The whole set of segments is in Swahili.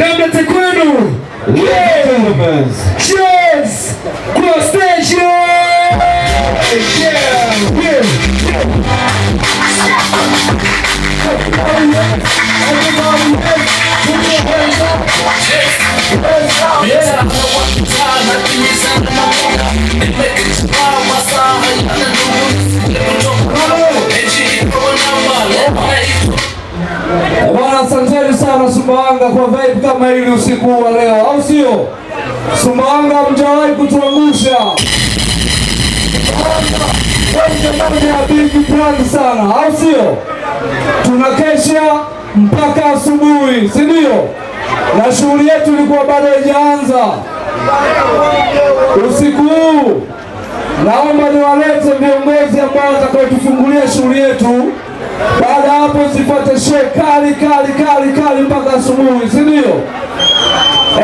Dembele kwenu. Cheers. Sumbawanga kwa vibe kama hili usiku wa leo, au sio? Sumbawanga mjawahi kutuangusha abigipani sana, au sio? Tunakesha mpaka asubuhi, si ndio? Na shughuli yetu ilikuwa bado haijaanza. Usiku huu naomba niwalete viongozi ambao watakaotufungulia shughuli yetu baada hapo zifuate sherehe kali kali kali kali mpaka asubuhi, si ndio?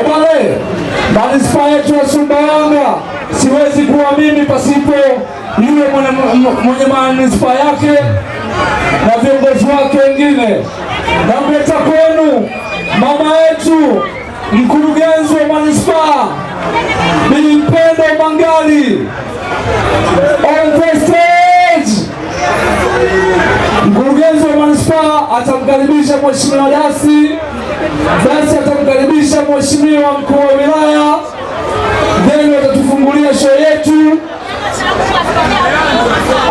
Ebale, manispaa yetu ya Sumbawanga, siwezi kuwa mimi pasipo yule mwenye manispaa yake na viongozi wake wengine. Namleta kwenu mama yetu mkurugenzi wa manispaa Bibi Mpendo Mangali on the stage. Mkurugenzi wa manispaa atamkaribisha mheshimiwa Dasi, Dasi atamkaribisha mheshimiwa mkuu wa wilaya, then watatufungulia show yetu.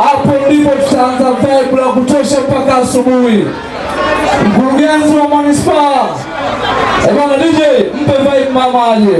Hapo ndipo tutaanza vibe la kutosha mpaka asubuhi. Mkurugenzi wa manispaa, bwana DJ, mpe vibe mama aje.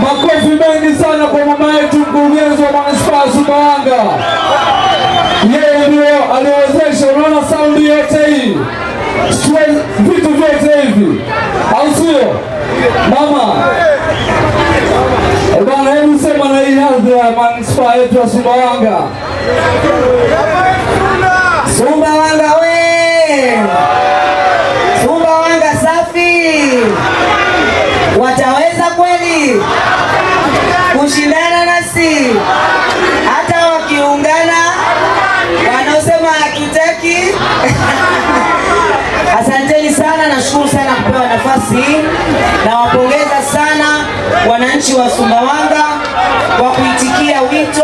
Makofi mengi sana kwa mama yetu mkurugenzi wa manispaa ya Sumbawanga. Yeye ndio aliwezesha, unaona saundi yote hii ya manispaa yetu ya Sumbawanga. Sumbawanga we! Sumbawanga safi! Wataweza kweli kushindana nasi, hata wakiungana wanaosema hakitaki. Asanteni sana, nashukuru sana kupewa nafasi, nawapongeza sana wananchi wa Sumbawanga kwa kuitikia wito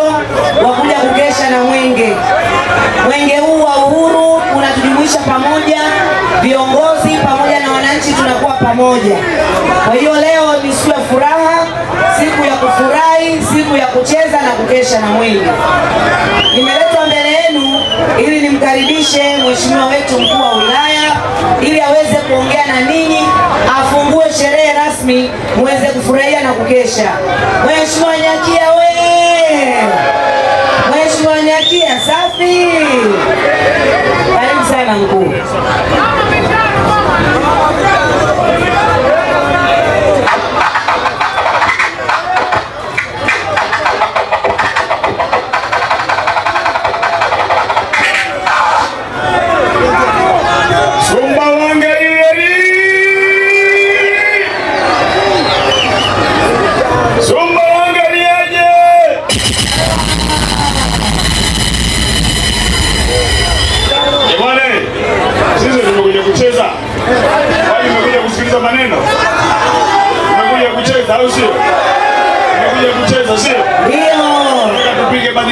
wa kuja kugesha na mwenge. Mwenge huu wa uhuru unatujumuisha pamoja, viongozi pamoja na wananchi, tunakuwa pamoja. Kwa hiyo leo ni siku ya furaha, siku ya kufurahi, siku ya kucheza na kugesha na mwenge. Nimeletwa mbele yenu ili nimkaribishe mheshimiwa wetu mkuu wa wilaya ili aweze kuongea na ninyi, afungue sherehe rasmi muweze kufurahia na kukesha. Mheshimiwa Nyakia we, Mheshimiwa Nyakia safi, karibu sana mkuu.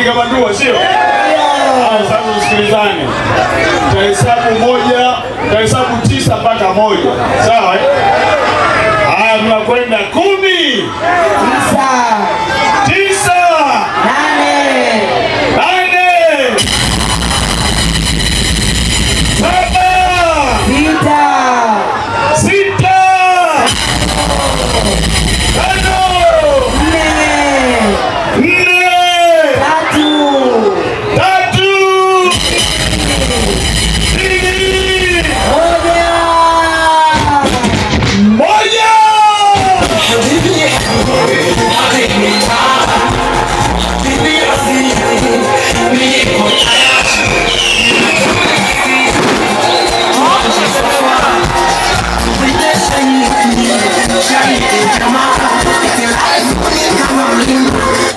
kupiga bandua, sio? Sasa tusikilizane, tahesabu moja, tahesabu tisa mpaka moja, sawa? Eh?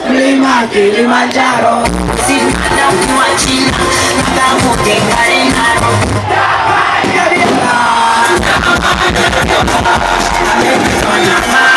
Mlima Kilimanjaro, simama mwa China, natambuke Kilimanjaro. Amepitwa na maa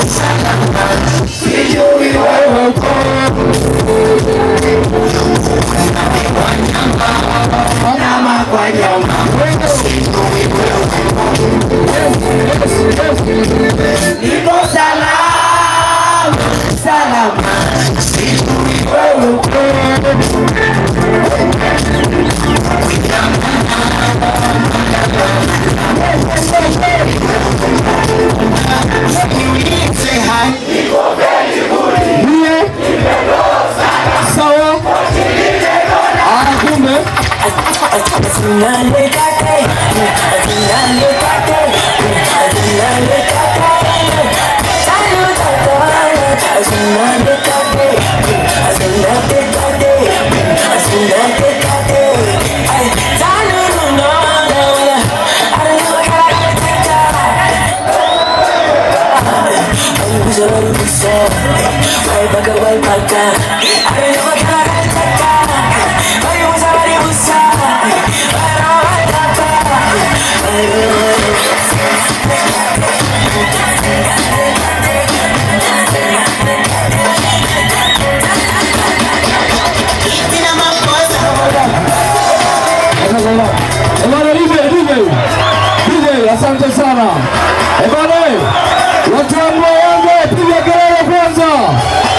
Asante sana ebane, watu wa Mboya Yanga, piga kelele kwanza.